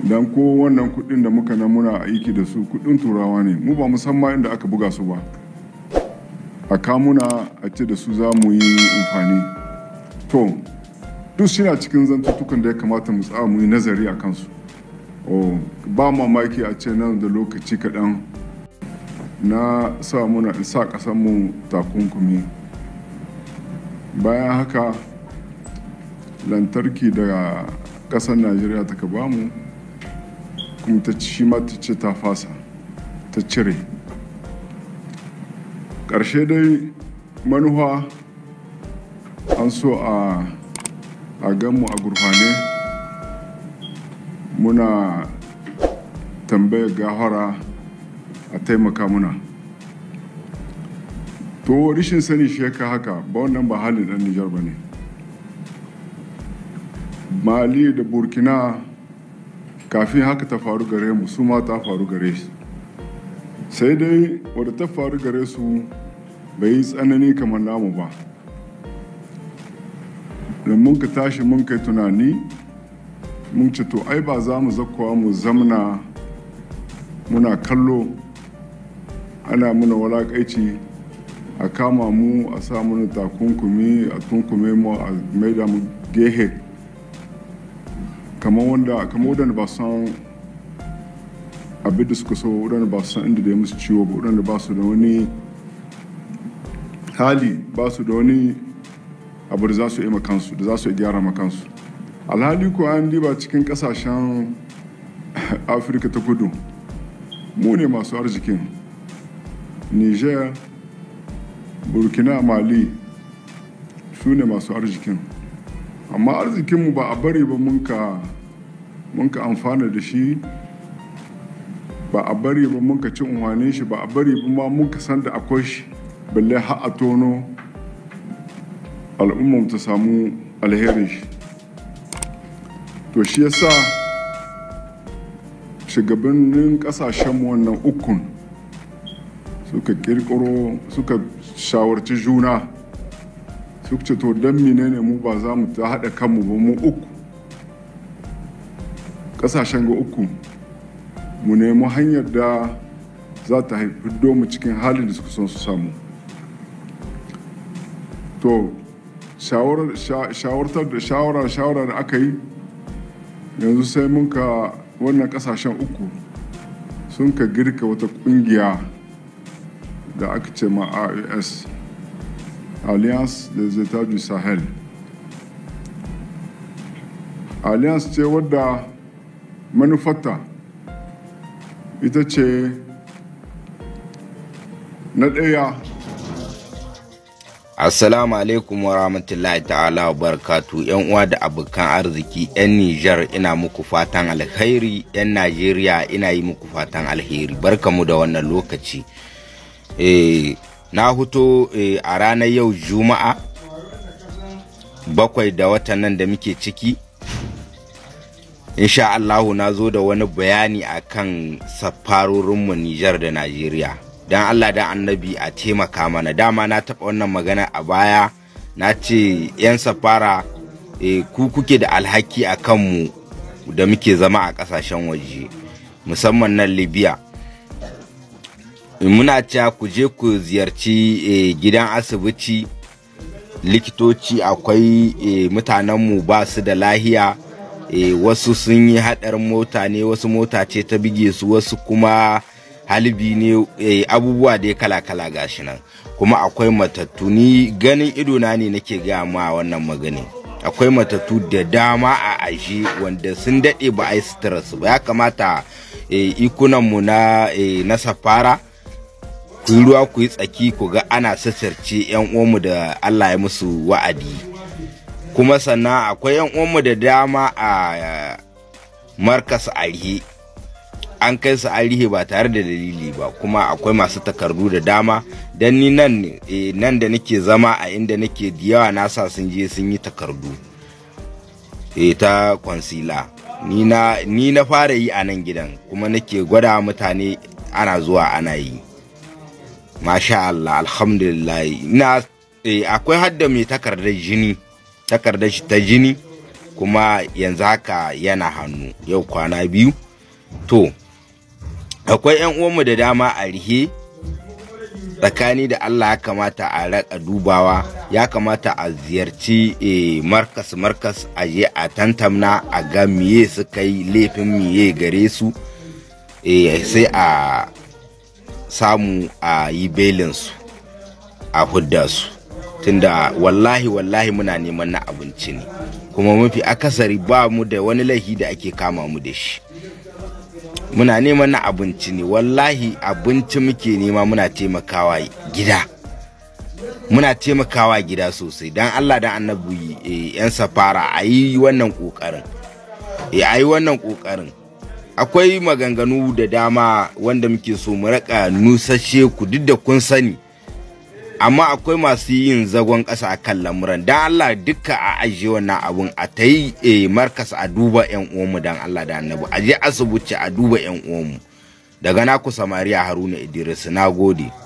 don ko wannan kudin da muka na muna aiki da su kudin turawa ne mu ba musamman inda aka buga su ba a kamuna a ce da su za mu yi amfani to duk suna cikin zantutukan da ya kamata mu tsawa mu yi nazari a kansu ba mamaki a ce nan da lokaci kaɗan na sa muna sa ƙasanmu takunkumi bayan haka lantarki daga ƙasar najeriya ta ka bamu ta shi ta ce ta fasa ta cire ƙarshe dai manuwa an so a ganmu a gurfane muna tambaya gahara a taimaka muna to rishin sani shi ka haka ba wannan ba halin ɗan nijar ba ne mali da burkina kafin haka ta faru gare mu su ma ta faru gare shi sai dai wadda ta faru gare su bai yi tsanani kamar namu ba da mun ka tashi mun kai tunani mun ce to ai ba za mu zakowa mu zamna muna kallo ana muna walakaici a kama mu a sa muna takunkumi a tunkume mu a maida mu gehe kamar wanda kamar wadanda ba san abin da suka so wadanda ba san inda da ya musu ciwo ba wadanda ba su da wani hali ba su da wani abu da za su yi makansu da za su yi gyara makansu alhali ko an diba cikin kasashen afirka ta kudu mu ne masu arzikin niger burkina mali su ne masu arzikin amma arzikinmu ba a bari ba mun ka amfana da shi ba a bari ba mun ka ci unwane shi ba a bari ba ma mun ka san da akwai shi balle har a tono al'ummar ta samu alherin shi to shi yasa shugabannin kasashen wannan ukun suka kirkiro suka shawarci juna duk ce to don menene mu ba za mu ta haɗa kanmu ba mu uku ƙasashen ga uku mu nemi hanyar da za ta haifi mu cikin halin da suka son su samu to shawarar da aka yi yanzu sai mun ka wannan kasashen uku sun ka girka wata kungiya da aka ce ma ios Alliance des États du Sahel. Alliance ce wadda manufarta ita ce na ɗaya. Assalamu alaikum wa rahmatullahi ta'ala wa barakatu ‘yan uwa da abokan arziki ‘yan Nijar ina muku fatan alheri ‘yan Najeriya ina yi muku fatan alheri barkamu da wannan lokaci. Eh, na huto eh, a ranar yau juma'a bakwai da watan nan da muke ciki insha Allahu na zo da wani bayani a akan safarorinmu Nijar da Najeriya don Allah da annabi a taimaka mana dama na taɓa wannan magana a baya na ce 'yan safara eh, ku kuke da alhaki a kanmu da muke zama a ƙasashen waje musamman nan libya muna cewa ku je ku ziyarci eh, gidan asibiti likitoci akwai eh, mutanenmu ba su da lahiya eh, wasu sun yi haɗar mota ne wasu mota ce ta bige su wasu kuma halibi ne abubuwa da ya kala-kala gashi nan kuma akwai matattu ni ganin idona ne nake gaya ma wannan magani akwai matattu da dama a ashe wanda sun daɗe ba a yi ba ya kamata ikunanmu na safara ku yi ruwa ku yi tsaki ku ga ana sassarce yan uwanmu da Allah ya musu wa'adi kuma sannan akwai yan uwanmu da dama a markas arihe an kai su arihe ba tare da dalili ba kuma akwai masu takardu da dama dan ni nan eh, nan da nake zama a inda nake yawa na sa sun je sun yi takardu e ta kwansila ni na fara yi a nan gidan kuma nake gwada mutane ana zuwa ana yi masha Allah alhamdulillah na eh, akwai hadda mai takardar jini takardar shi ta jini kuma yanzu haka yana hannu yau kwana biyu to akwai yan uwanmu da dama a rihe tsakani da Allah ya kamata a raka dubawa ya kamata a ziyarci e, markas markas a je a tantamna a ga miye suka yi laifin miye gare su e, sai a samu a yi belinsu a hudda tunda wallahi wallahi muna neman na abinci ne kuma mafi akasari ba mu da wani laifi da ake kama mu da shi muna neman na abinci ne wallahi abinci muke nema muna taimakawa gida muna taimakawa gida sosai don allah don annabi eh, yan safara a yi wannan kokarin eh, a yi wannan kokarin akwai maganganu da dama wanda muke so mu raka nusashe ku duk da kun sani amma akwai masu yin zagon ƙasa a kan lamuran don Allah duka a ajiye wannan abun a ta yi e, markas a duba yan uwanmu don Allah da annabi a je asibiti a duba yan uwanmu daga naku samariya haruna idris na gode